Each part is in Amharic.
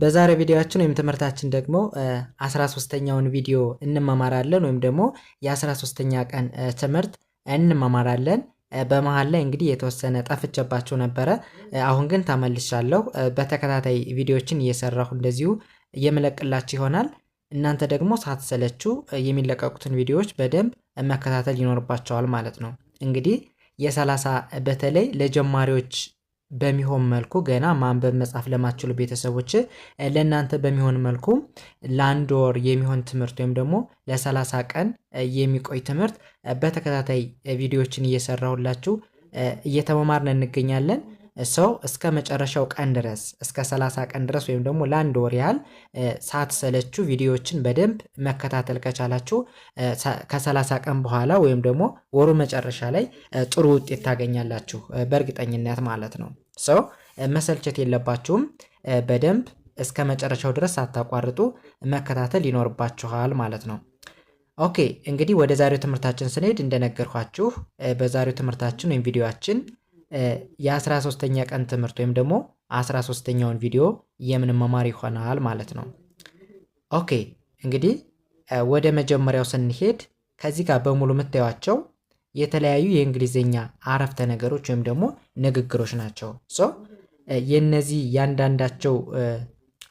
በዛሬ ቪዲዮችን ወይም ትምህርታችን ደግሞ 13ተኛውን ቪዲዮ እንማማራለን ወይም ደግሞ የ13ተኛ ቀን ትምህርት እንማማራለን። በመሀል ላይ እንግዲህ የተወሰነ ጠፍቼባቸው ነበረ። አሁን ግን ተመልሻለሁ። በተከታታይ ቪዲዮችን እየሰራሁ እንደዚሁ የምለቅላችሁ ይሆናል። እናንተ ደግሞ ሳትሰለቹ የሚለቀቁትን ቪዲዮዎች በደንብ መከታተል ይኖርባቸዋል ማለት ነው። እንግዲህ የሰላሳ በተለይ ለጀማሪዎች በሚሆን መልኩ ገና ማንበብ መጻፍ ለማትችሉ ቤተሰቦች ለእናንተ በሚሆን መልኩ ለአንድ ወር የሚሆን ትምህርት ወይም ደግሞ ለሰላሳ ቀን የሚቆይ ትምህርት በተከታታይ ቪዲዮዎችን እየሰራሁላችሁ እየተመማርን እንገኛለን። ሰው እስከ መጨረሻው ቀን ድረስ እስከ 30 ቀን ድረስ ወይም ደግሞ ለአንድ ወር ያህል ሳትሰለቹ ቪዲዮዎችን በደንብ መከታተል ከቻላችሁ ከ30 ቀን በኋላ ወይም ደግሞ ወሩ መጨረሻ ላይ ጥሩ ውጤት ታገኛላችሁ በእርግጠኝነት ማለት ነው። ሰው መሰልቸት የለባችሁም። በደንብ እስከ መጨረሻው ድረስ ሳታቋርጡ መከታተል ይኖርባችኋል ማለት ነው። ኦኬ እንግዲህ ወደ ዛሬው ትምህርታችን ስንሄድ እንደነገርኳችሁ በዛሬው ትምህርታችን ወይም ቪዲዮችን የአስራ ሶስተኛ ቀን ትምህርት ወይም ደግሞ 13 ሶስተኛውን ቪዲዮ የምንመማር ይሆናል ማለት ነው። ኦኬ እንግዲህ ወደ መጀመሪያው ስንሄድ ከዚህ ጋር በሙሉ የምታዩቸው የተለያዩ የእንግሊዝኛ አረፍተ ነገሮች ወይም ደግሞ ንግግሮች ናቸው። ሶ የእነዚህ ያንዳንዳቸው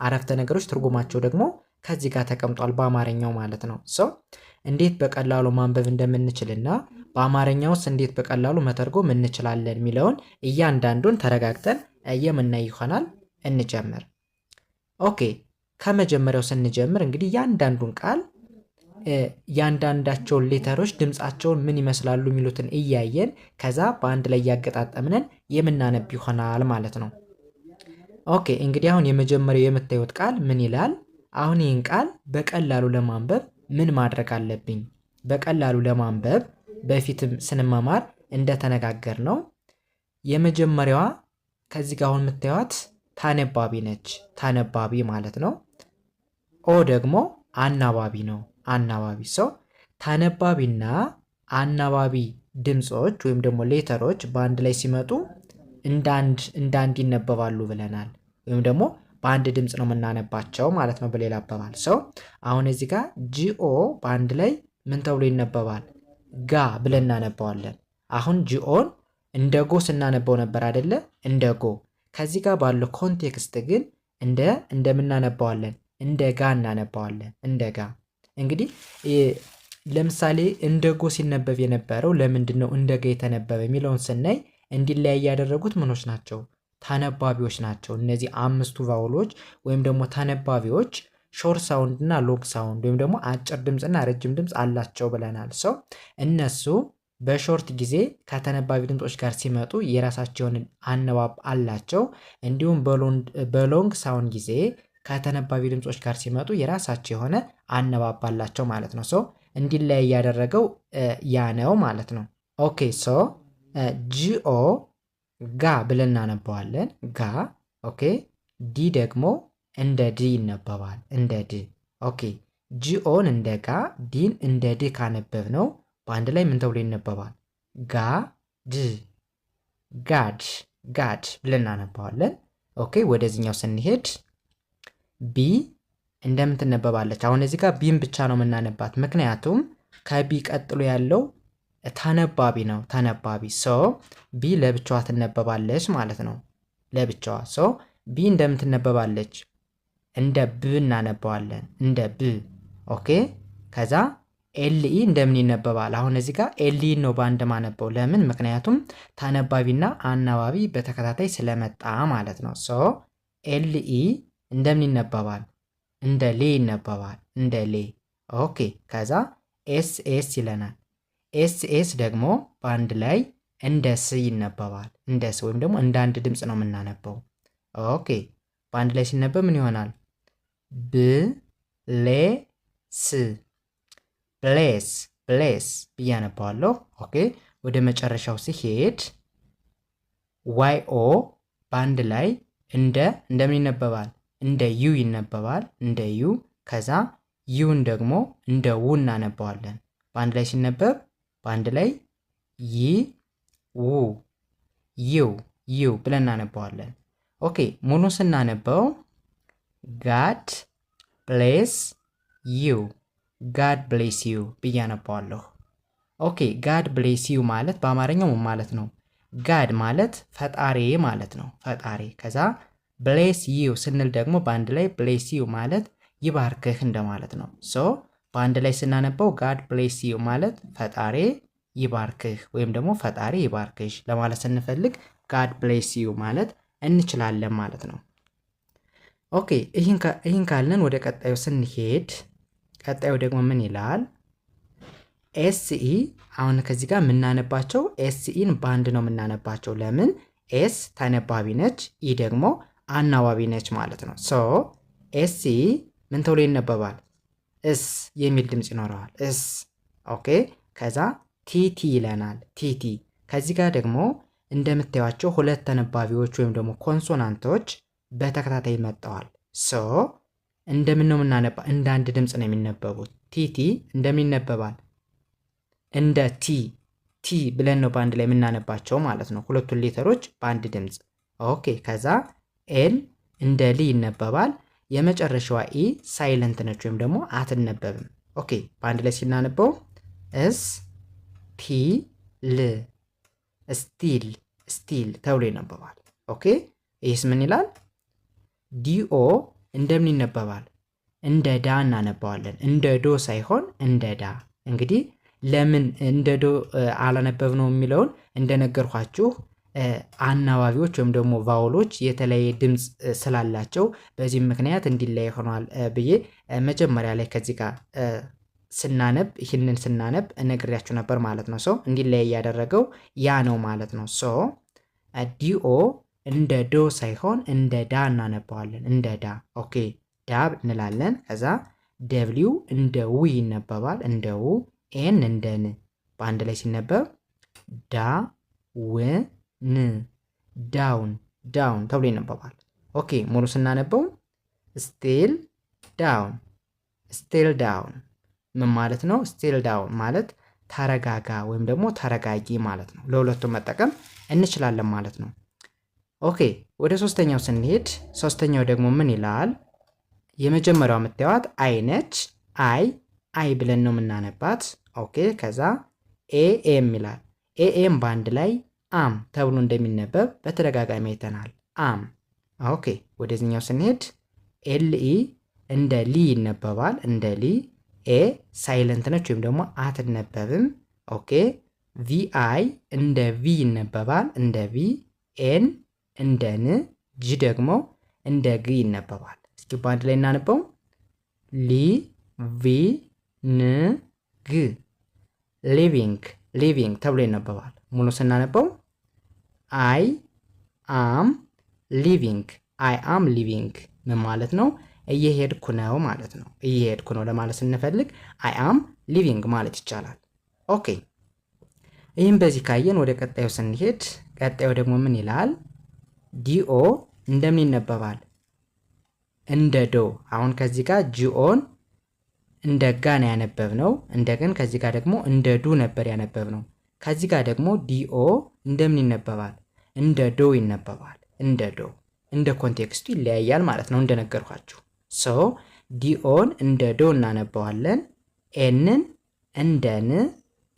አረፍተ ነገሮች ትርጉማቸው ደግሞ ከዚህ ጋር ተቀምጧል በአማርኛው ማለት ነው። ሶ እንዴት በቀላሉ ማንበብ እንደምንችልና በአማርኛ ውስጥ እንዴት በቀላሉ መተርጎም እንችላለን የሚለውን እያንዳንዱን ተረጋግጠን የምናይ ይሆናል። እንጀምር። ኦኬ ከመጀመሪያው ስንጀምር እንግዲህ እያንዳንዱን ቃል እያንዳንዳቸውን ሌተሮች ድምፃቸውን ምን ይመስላሉ የሚሉትን እያየን ከዛ በአንድ ላይ እያገጣጠምነን የምናነብ ይሆናል ማለት ነው። ኦኬ እንግዲህ አሁን የመጀመሪያው የምታዩት ቃል ምን ይላል? አሁን ይህን ቃል በቀላሉ ለማንበብ ምን ማድረግ አለብኝ? በቀላሉ ለማንበብ በፊትም ስንመማር እንደተነጋገር ነው። የመጀመሪያዋ ከዚህ ጋር አሁን የምታዩት ታነባቢ ነች። ታነባቢ ማለት ነው። ኦ ደግሞ አናባቢ ነው። አናባቢ ሰው ታነባቢና አናባቢ ድምፆች ወይም ደግሞ ሌተሮች በአንድ ላይ ሲመጡ እንዳንድ እንዳንድ ይነበባሉ ብለናል። ወይም ደግሞ በአንድ ድምፅ ነው የምናነባቸው ማለት ነው። በሌላ አባባል ሰው አሁን እዚህ ጋር ጂኦ በአንድ ላይ ምን ተብሎ ይነበባል? ጋ ብለን እናነባዋለን። አሁን ጂኦን እንደ ጎ ስናነበው ነበር አደለ? እንደ ጎ። ከዚህ ጋር ባለው ኮንቴክስት ግን እንደ እንደምናነባዋለን እንደ ጋ እናነባዋለን። እንደ ጋ እንግዲህ ለምሳሌ እንደ ጎ ሲነበብ የነበረው ለምንድን ነው እንደ ጋ የተነበበ የሚለውን ስናይ እንዲለያይ ያደረጉት ምኖች ናቸው? ተነባቢዎች ናቸው። እነዚህ አምስቱ ቫውሎች ወይም ደግሞ ተነባቢዎች ሾርት ሳውንድ እና ሎንግ ሳውንድ ወይም ደግሞ አጭር ድምፅና ረጅም ድምፅ አላቸው ብለናል። ሰው እነሱ በሾርት ጊዜ ከተነባቢ ድምፆች ጋር ሲመጡ የራሳቸውን አነባብ አላቸው። እንዲሁም በሎንግ ሳውንድ ጊዜ ከተነባቢ ድምፆች ጋር ሲመጡ የራሳቸው የሆነ አነባብ አላቸው ማለት ነው። ሰው እንዲለያይ ያደረገው ያ ነው ማለት ነው። ኦኬ ሶ ጂኦ ጋ ብለን እናነባዋለን። ጋ ኦኬ ዲ ደግሞ እንደ ድ ይነበባል። እንደ ድ ኦኬ። ጂኦን እንደ ጋ ዲን እንደ ድ ካነበብ ነው በአንድ ላይ ምን ተብሎ ይነበባል? ጋ ድ ጋድ ጋድ ብለን እናነባዋለን። ኦኬ ወደዚህኛው ስንሄድ ቢ እንደምን ትነበባለች? አሁን እዚህ ጋር ቢን ብቻ ነው የምናነባት፣ ምክንያቱም ከቢ ቀጥሎ ያለው ተነባቢ ነው። ተነባቢ ሶ ቢ ለብቻዋ ትነበባለች ማለት ነው። ለብቻዋ ሶ ቢ እንደምን ትነበባለች? እንደ ብ እናነባዋለን። እንደ ብ ኦኬ። ከዛ ኤልኢ እንደምን ይነበባል? አሁን እዚህ ጋር ኤልኢ ነው በአንድ ማነበው። ለምን? ምክንያቱም ተነባቢና አናባቢ በተከታታይ ስለመጣ ማለት ነው። ሶ ኤልኢ እንደምን ይነበባል? እንደ ሌ ይነበባል። እንደ ሌ ኦኬ። ከዛ ኤስ ኤስ ይለናል። ኤስ ኤስ ደግሞ በአንድ ላይ እንደ ስ ይነበባል። እንደ ስ ወይም ደግሞ እንደ አንድ ድምፅ ነው የምናነበው። ኦኬ በአንድ ላይ ሲነበብ ምን ይሆናል? ብሌስ ብሌስ ብሌስ ብዬ አነባዋለሁ። ኦኬ ወደ መጨረሻው ሲሄድ ዋይ ኦ በአንድ ላይ እንደ እንደምን ይነበባል? እንደ ዩ ይነበባል። እንደ ዩ ከዛ ዩን ደግሞ እንደ ው እናነባዋለን። በአንድ ላይ ሲነበብ በአንድ ላይ ይ ው ዩ ዩ ብለን እናነባዋለን። ኦኬ ሙሉን ስናነበው ጋድ ብሌስ ዩ ጋድ ብሌስ ዩ ብዬ አነባዋለሁ። ኦኬ ጋድ ብሌስ ዩ ማለት በአማርኛው ምን ማለት ነው? ጋድ ማለት ፈጣሬ ማለት ነው። ፈጣሬ ከዛ ብሌስ ዩ ስንል ደግሞ በአንድ ላይ ብሌስ ዩ ማለት ይባርክህ እንደማለት ነው። ሶ በአንድ ላይ ስናነበው ጋድ ብሌስ ዩ ማለት ፈጣሬ ይባርክህ ወይም ደግሞ ፈጣሪ ይባርክሽ ለማለት ስንፈልግ ጋድ ብሌስ ዩ ማለት እንችላለን ማለት ነው። ኦኬ ይህን ካለን ወደ ቀጣዩ ስንሄድ ቀጣዩ ደግሞ ምን ይላል? ኤስኢ አሁን ከዚህ ጋር የምናነባቸው ኤስኢን በአንድ ነው የምናነባቸው። ለምን ኤስ ተነባቢ ነች፣ ኢ ደግሞ አናባቢ ነች ማለት ነው። ሶ ኤስኢ ምን ተብሎ ይነበባል? እስ የሚል ድምፅ ይኖረዋል። እስ ኦኬ። ከዛ ቲቲ ይለናል። ቲቲ ከዚህ ጋር ደግሞ እንደምታዩቸው ሁለት ተነባቢዎች ወይም ደግሞ ኮንሶናንቶች በተከታታይ መጥተዋል። ሶ እንደምን ነው የምናነባ? እንደ አንድ ድምፅ ነው የሚነበቡት። ቲቲ እንደምን ይነበባል? እንደ ቲ ቲ ብለን ነው በአንድ ላይ የምናነባቸው ማለት ነው። ሁለቱን ሌተሮች በአንድ ድምፅ። ኦኬ። ከዛ ኤል እንደ ሊ ይነበባል። የመጨረሻዋ ኢ ሳይለንት ነች ወይም ደግሞ አትነበብም። ኦኬ። በአንድ ላይ ሲናነበው እስ ቲ ል ስቲል ስቲል ተብሎ ይነበባል። ኦኬ። ይህስ ምን ይላል? ዲኦ እንደምን ይነበባል? እንደ ዳ እናነባዋለን። እንደ ዶ ሳይሆን እንደ ዳ። እንግዲህ ለምን እንደ ዶ አላነበብ ነው የሚለውን እንደነገርኳችሁ አናባቢዎች ወይም ደግሞ ቫውሎች የተለያየ ድምፅ ስላላቸው በዚህም ምክንያት እንዲለይ ሆኗል ብዬ መጀመሪያ ላይ ከዚህ ጋር ስናነብ ይህንን ስናነብ ነግሬያችሁ ነበር ማለት ነው። ሰው እንዲለይ ያደረገው ያ ነው ማለት ነው። ሶ ዲኦ እንደ ዶ ሳይሆን እንደ ዳ እናነባዋለን። እንደ ዳ ኦኬ፣ ዳብ እንላለን። ከዛ ደብሊው እንደ ው ይነበባል፣ እንደ ው። ኤን እንደ ን፣ በአንድ ላይ ሲነበብ ዳ ው ን ዳውን፣ ዳውን ተብሎ ይነበባል። ኦኬ፣ ሙሉ ስናነበው ስቴል ዳውን፣ ስቴል ዳውን። ምን ማለት ነው? ስቴል ዳውን ማለት ተረጋጋ ወይም ደግሞ ተረጋጊ ማለት ነው። ለሁለቱም መጠቀም እንችላለን ማለት ነው። ኦኬ ወደ ሶስተኛው ስንሄድ ሶስተኛው ደግሞ ምን ይላል? የመጀመሪያው የምታዩት አይ ነች። አይ አይ ብለን ነው የምናነባት። ኦኬ ከዛ ኤኤም ይላል። ኤኤም በአንድ ላይ አም ተብሎ እንደሚነበብ በተደጋጋሚ አይተናል። አም ኦኬ። ወደዚህኛው ስንሄድ ኤልኢ እንደ ሊ ይነበባል። እንደ ሊ ኤ ሳይለንት ነች ወይም ደግሞ አትነበብም። ኦኬ ቪአይ እንደ ቪ ይነበባል። እንደ ቪ ኤን እንደ ን፣ ጅ ደግሞ እንደ ግ ይነበባል። እስኪ በአንድ ላይ እናነበው። ሊ ቪ ን ግ ሊቪንግ ሊቪንግ ተብሎ ይነበባል። ሙሉ ስናነበው አይ አም ሊቪንግ አይ አም ሊቪንግ ምን ማለት ነው? እየሄድኩ ነው ማለት ነው። እየሄድኩ ነው ለማለት ስንፈልግ አይ አም ሊቪንግ ማለት ይቻላል። ኦኬ ይህም በዚህ ካየን ወደ ቀጣዩ ስንሄድ ቀጣዩ ደግሞ ምን ይላል? ዲኦ እንደምን ይነበባል? እንደ ዶ። አሁን ከዚህ ጋር ጂኦን እንደ ጋ ነው ያነበብነው። እንደገን ከዚህ ጋር ደግሞ እንደ ዱ ነበር ያነበብነው። ከዚህ ጋር ደግሞ ዲኦ እንደምን ይነበባል? እንደ ዶ ይነበባል። እንደ ዶ እንደ ኮንቴክስቱ ይለያያል ማለት ነው እንደነገርኳችሁ። ሶ ዲኦን እንደ ዶ እናነበዋለን። ኤንን እንደ ን፣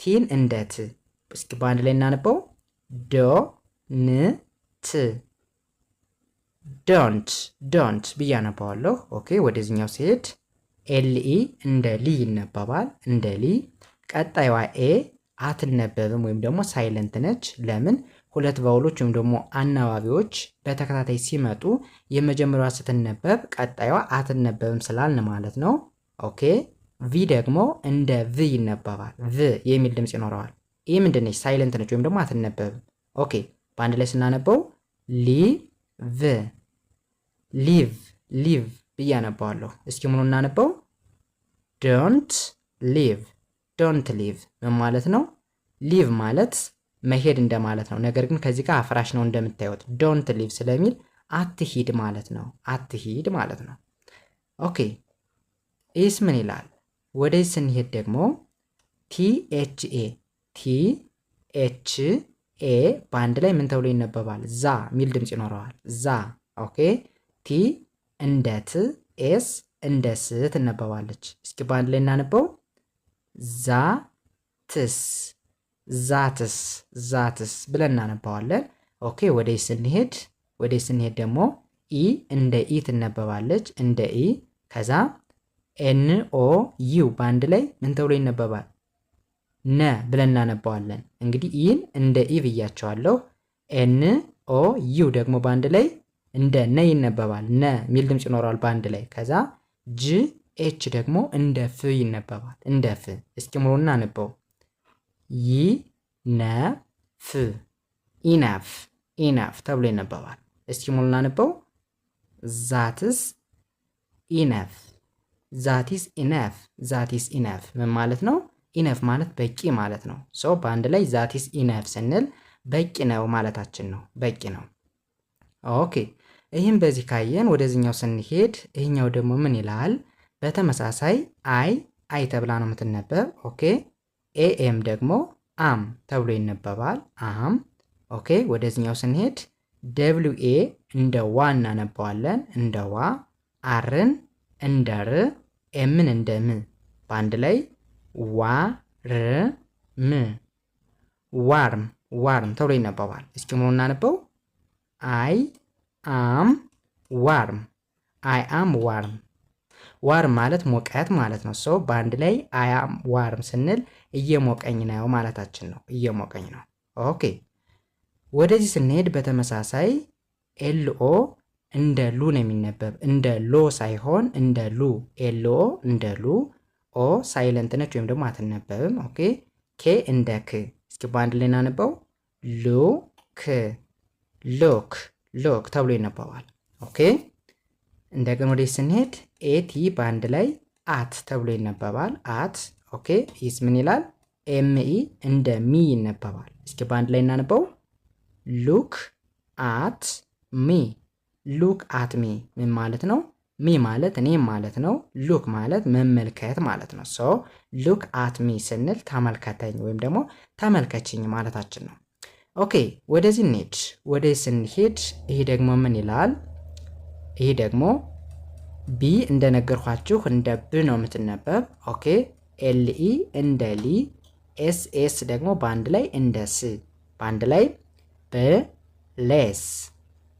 ቲን እንደ ት። እስኪ በአንድ ላይ እናነበው ዶ ን ት ዶንት ዶንት ብዬ አነባዋለሁ። ኦኬ ወደዚህኛው ሲሄድ ኤልኢ እንደ ሊ ይነበባል፣ እንደ ሊ። ቀጣይዋ ኤ አትነበብም ወይም ደግሞ ሳይለንት ነች። ለምን? ሁለት ባውሎች ወይም ደግሞ አናባቢዎች በተከታታይ ሲመጡ የመጀመሪያዋ ስትነበብ ቀጣይዋ አትነበብም ስላልን ማለት ነው። ኦኬ ቪ ደግሞ እንደ ቭ ይነበባል። ቭ የሚል ድምፅ ይኖረዋል። ይህ ምንድነች? ሳይለንት ነች ወይም ደግሞ አትነበብም። ኦኬ በአንድ ላይ ስናነበው ሊ ቭ ሊቭ ሊቭ ብዬ አነባዋለሁ። እስኪ ሙሉ እናነበው። ዶንት ሊቭ ዶንት ሊቭ ምን ማለት ነው? ሊቭ ማለት መሄድ እንደማለት ነው። ነገር ግን ከዚህ ጋር አፍራሽ ነው እንደምታዩት። ዶንት ሊቭ ስለሚል አትሂድ ማለት ነው። አትሂድ ማለት ነው። ኦኬ ኢስ ምን ይላል? ወደ ስንሄድ ደግሞ ቲ ኤች ኤ በአንድ ላይ ምን ተብሎ ይነበባል? ዛ የሚል ድምፅ ይኖረዋል። ዛ ኦኬ። ቲ እንደ ት፣ ኤስ እንደ ስ ትነበባለች። እስኪ በአንድ ላይ እናነበው። ዛ ትስ፣ ዛትስ፣ ዛትስ ብለን እናነባዋለን። ኦኬ። ወደ ይ ስንሄድ ወደ ይ ስንሄድ ደግሞ ኢ እንደ ኢ ትነበባለች። እንደ ኢ ከዛ ኤን ኦ ዩ በአንድ ላይ ምን ተብሎ ይነበባል? ነ ብለን እናነባዋለን። እንግዲህ ኢን እንደ ኢ ብያቸዋለሁ። ኤን ኦ ዩ ደግሞ በአንድ ላይ እንደ ነ ይነበባል። ነ የሚል ድምፅ ይኖረዋል በአንድ ላይ። ከዛ ጅ ኤች ደግሞ እንደ ፍ ይነበባል። እንደ ፍ። እስኪ ሙሉ እናነበው። ይ ነ ፍ ኢናፍ ኢናፍ ተብሎ ይነበባል። እስኪ ሙሉ እናነበው። ዛትስ ኢነፍ ዛቲስ ኢነፍ ዛቲስ ኢነፍ ምን ማለት ነው? ኢነፍ ማለት በቂ ማለት ነው። ሶ በአንድ ላይ ዛቲስ ኢነፍ ስንል በቂ ነው ማለታችን ነው። በቂ ነው። ኦኬ ይህም በዚህ ካየን ወደዚህኛው ስንሄድ ይህኛው ደግሞ ምን ይላል? በተመሳሳይ አይ አይ ተብላ ነው የምትነበብ። ኦኬ ኤኤም ደግሞ አም ተብሎ ይነበባል። አም ኦኬ። ወደዚህኛው ስንሄድ ደብሊው ኤ እንደ ዋ እናነባዋለን፣ እንደ ዋ አርን እንደ ር ኤምን እንደ ም በአንድ ላይ ዋርም ዋርም ዋርም ተብሎ ይነበባል። እስኪ ሙሉ እናነበው። አይ አም ዋርም አይ አም ዋርም ዋርም ማለት ሙቀት ማለት ነው። ሰው በአንድ ላይ አይ አም ዋርም ስንል እየሞቀኝ ነው ማለታችን ነው። እየሞቀኝ ነው። ኦኬ ወደዚህ ስንሄድ በተመሳሳይ ኤልኦ እንደ ሉ ነው የሚነበብ። እንደ ሎ ሳይሆን እንደ ሉ ኤልኦ እንደ ሉ ኦ ሳይለንት ነች ወይም ደግሞ አትነበብም። ኦኬ ኬ እንደ ክ። እስኪ በአንድ ላይ እናነበው ክ ሎክ ሎክ ተብሎ ይነበባል። ኦኬ እንደገና ወደ ስንሄድ ኤቲ በአንድ ላይ አት ተብሎ ይነበባል። አት ኦኬ ይስ ምን ይላል? ኤምኢ እንደ ሚ ይነበባል። እስኪ በአንድ ላይ እናነበው ሉክ አት ሚ ሉክ አት ሚ ምን ማለት ነው? ሚ ማለት እኔም ማለት ነው። ሉክ ማለት መመልከት ማለት ነው። ሶ ሉክ አት ሚ ስንል ተመልከተኝ ወይም ደግሞ ተመልከችኝ ማለታችን ነው። ኦኬ ወደዚህ እንሄድ። ወደ ስንሄድ ይሄ ደግሞ ምን ይላል? ይሄ ደግሞ ቢ እንደነገርኳችሁ እንደ ብ ነው የምትነበብ። ኦኬ ኤልኢ እንደ ሊ፣ ኤስ ኤስ ደግሞ በአንድ ላይ እንደ ስ፣ በአንድ ላይ በሌስ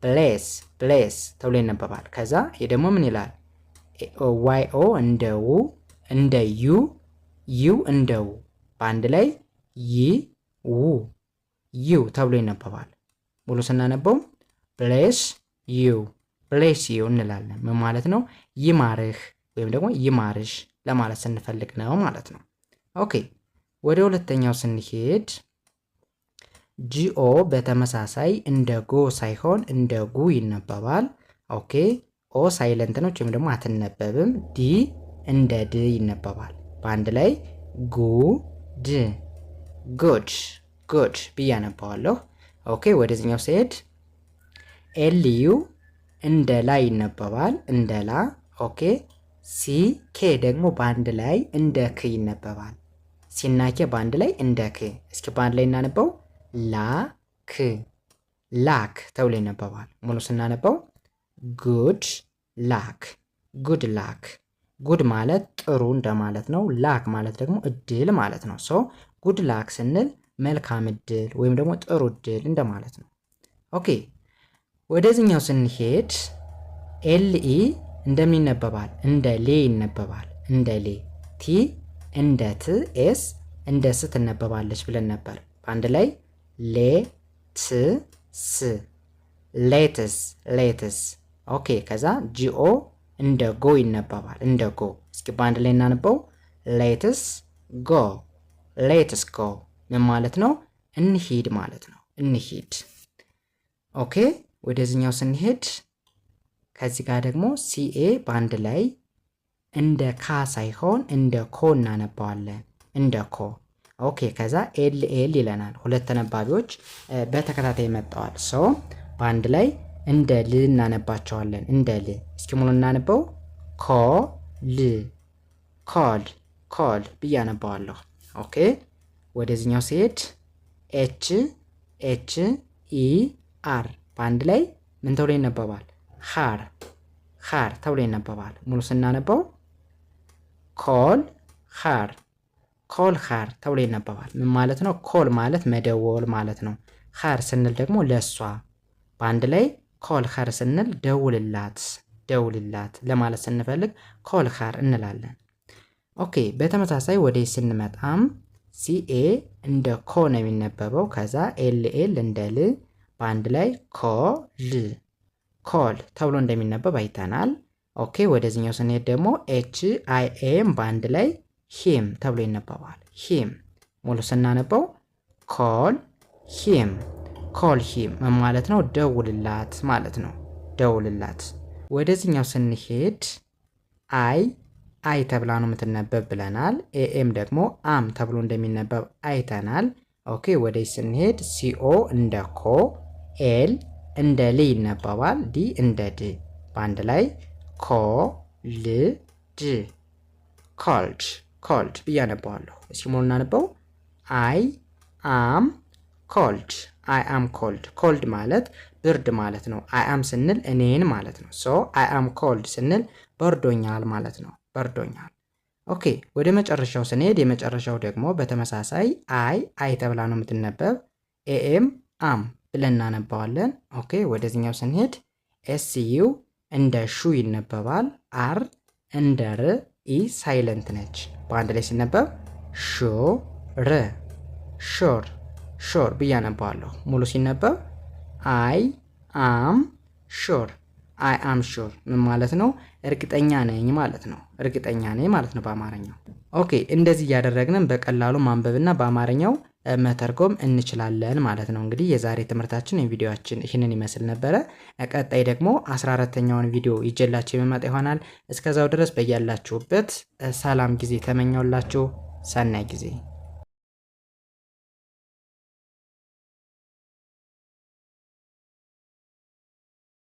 ብሌስ ፕሌስ ተብሎ ይነበባል። ከዛ ይሄ ደግሞ ምን ይላል? ዋይ ኦ እንደ ው እንደ ዩ ዩ እንደ ው በአንድ ላይ ይ ው ዩ ተብሎ ይነበባል። ሙሉ ስናነበው ብሌስ ዩ ፕሌስ ዩ እንላለን። ምን ማለት ነው? ይማርህ ወይም ደግሞ ይማርሽ ለማለት ስንፈልግ ነው ማለት ነው። ኦኬ ወደ ሁለተኛው ስንሄድ ጂኦ በተመሳሳይ እንደ ጎ ሳይሆን እንደ ጉ ይነበባል። ኦኬ ኦ ሳይለንት ነች ወይም ደግሞ አትነበብም። ዲ እንደ ድ ይነበባል። በአንድ ላይ ጉ ድ ጉድ ጉድ ብዬ አነባዋለሁ። ኦኬ ወደዚኛው ስሄድ ኤልዩ እንደ ላይ ይነበባል። እንደ ላ ኦኬ። ሲ ኬ ደግሞ በአንድ ላይ እንደ ክ ይነበባል። ሲና ኬ በአንድ ላይ እንደ ክ። እስኪ በአንድ ላይ እናነበው ላክ ላክ ተብሎ ይነበባል። ሙሉ ስናነበው ጉድ ላክ ጉድ ላክ። ጉድ ማለት ጥሩ እንደማለት ነው። ላክ ማለት ደግሞ እድል ማለት ነው። ሶ ጉድ ላክ ስንል መልካም እድል ወይም ደግሞ ጥሩ እድል እንደማለት ነው። ኦኬ ወደዚህኛው ስንሄድ ኤልኢ እንደምን ይነበባል? እንደ ሌ ይነበባል። እንደ ሌ ቲ እንደ ት ኤስ እንደ ስ ትነበባለች ብለን ነበር በአንድ ላይ ሌትስ ሌትስ ሌትስ ኦኬ። ከዛ ጂኦ እንደ ጎ ይነበባል። እንደ ጎ እስኪ በአንድ ላይ እናነበው። ሌትስ ጎ ሌትስ ጎ ምን ማለት ነው? እንሂድ ማለት ነው። እንሂድ። ኦኬ ወደዚህኛው ስንሄድ ከዚህ ጋር ደግሞ ሲኤ በአንድ ላይ እንደ ካ ሳይሆን እንደ ኮ እናነባዋለን። እንደ ኮ ኦኬ ከዛ ኤል ኤል ይለናል። ሁለት ተነባቢዎች በተከታታይ መጥተዋል። ሶ በአንድ ላይ እንደ ል እናነባቸዋለን። እንደ ል እስኪ ሙሉ እናነበው። ኮ ል ኮል ኮል ብዬ አነባዋለሁ። ኦኬ ወደዚህኛው ሲሄድ ኤች ኤች ኢ አር በአንድ ላይ ምን ተብሎ ይነበባል? ሃር ሃር ተብሎ ይነበባል። ሙሉ ስናነበው ኮል ሃር ኮል ካር ተብሎ ይነበባል። ምን ማለት ነው? ኮል ማለት መደወል ማለት ነው። ካር ስንል ደግሞ ለእሷ በአንድ ላይ ኮል ካር ስንል ደውልላት፣ ደውልላት ለማለት ስንፈልግ ኮል ካር እንላለን። ኦኬ በተመሳሳይ ወደ ስንመጣም ሲኤ እንደ ኮ ነው የሚነበበው። ከዛ ኤልኤል እንደ ል በአንድ ላይ ኮ ል ኮል ተብሎ እንደሚነበብ አይተናል። ኦኬ ወደዚኛው ስንሄድ ደግሞ ኤች አይ ኤም በአንድ ላይ ሂም ተብሎ ይነበባል። ሂም ሙሉ ስናነበው ኮል ሂም ኮል ሂም ምን ማለት ነው? ደውልላት ማለት ነው። ደውልላት። ወደዚህኛው ስንሄድ አይ አይ ተብላ ነው የምትነበብ ብለናል። ኤኤም ደግሞ አም ተብሎ እንደሚነበብ አይተናል። ኦኬ ወደዚህ ስንሄድ ሲኦ እንደ ኮ፣ ኤል እንደ ል ይነበባል። ዲ እንደ ድ በአንድ ላይ ኮ ል ድ ኮልድ ኮልድ ብዬ አነባዋለሁ። እስኪ ሙሉ እናነበው። አይ አም ኮልድ፣ አይ አም ኮልድ። ኮልድ ማለት ብርድ ማለት ነው። አይ አም ስንል እኔን ማለት ነው። ሶ አይ አም ኮልድ ስንል በርዶኛል ማለት ነው። በርዶኛል። ኦኬ፣ ወደ መጨረሻው ስንሄድ የመጨረሻው ደግሞ በተመሳሳይ አይ አይ ተብላ ነው የምትነበብ። ኤኤም አም ብለን እናነባዋለን። ኦኬ፣ ወደዚኛው ስንሄድ ኤስዩ እንደ ሹ ይነበባል። አር እንደ ር ኢ ሳይለንት ነች። በአንድ ላይ ሲነበብ ሾር ሾር ሾር ብዬ አነባዋለሁ። ሙሉ ሲነበብ አይ አም ሾር አይ አም ሾር ምን ማለት ነው? እርግጠኛ ነኝ ማለት ነው። እርግጠኛ ነኝ ማለት ነው በአማርኛው። ኦኬ እንደዚህ እያደረግንን በቀላሉ ማንበብና በአማርኛው መተርጎም እንችላለን ማለት ነው። እንግዲህ የዛሬ ትምህርታችን ቪዲዮችን ይህንን ይመስል ነበረ። ቀጣይ ደግሞ አስራ አራተኛውን ቪዲዮ ይጀላችሁ የመመጣ ይሆናል። እስከዛው ድረስ በያላችሁበት ሰላም ጊዜ ተመኘውላችሁ። ሰናይ ጊዜ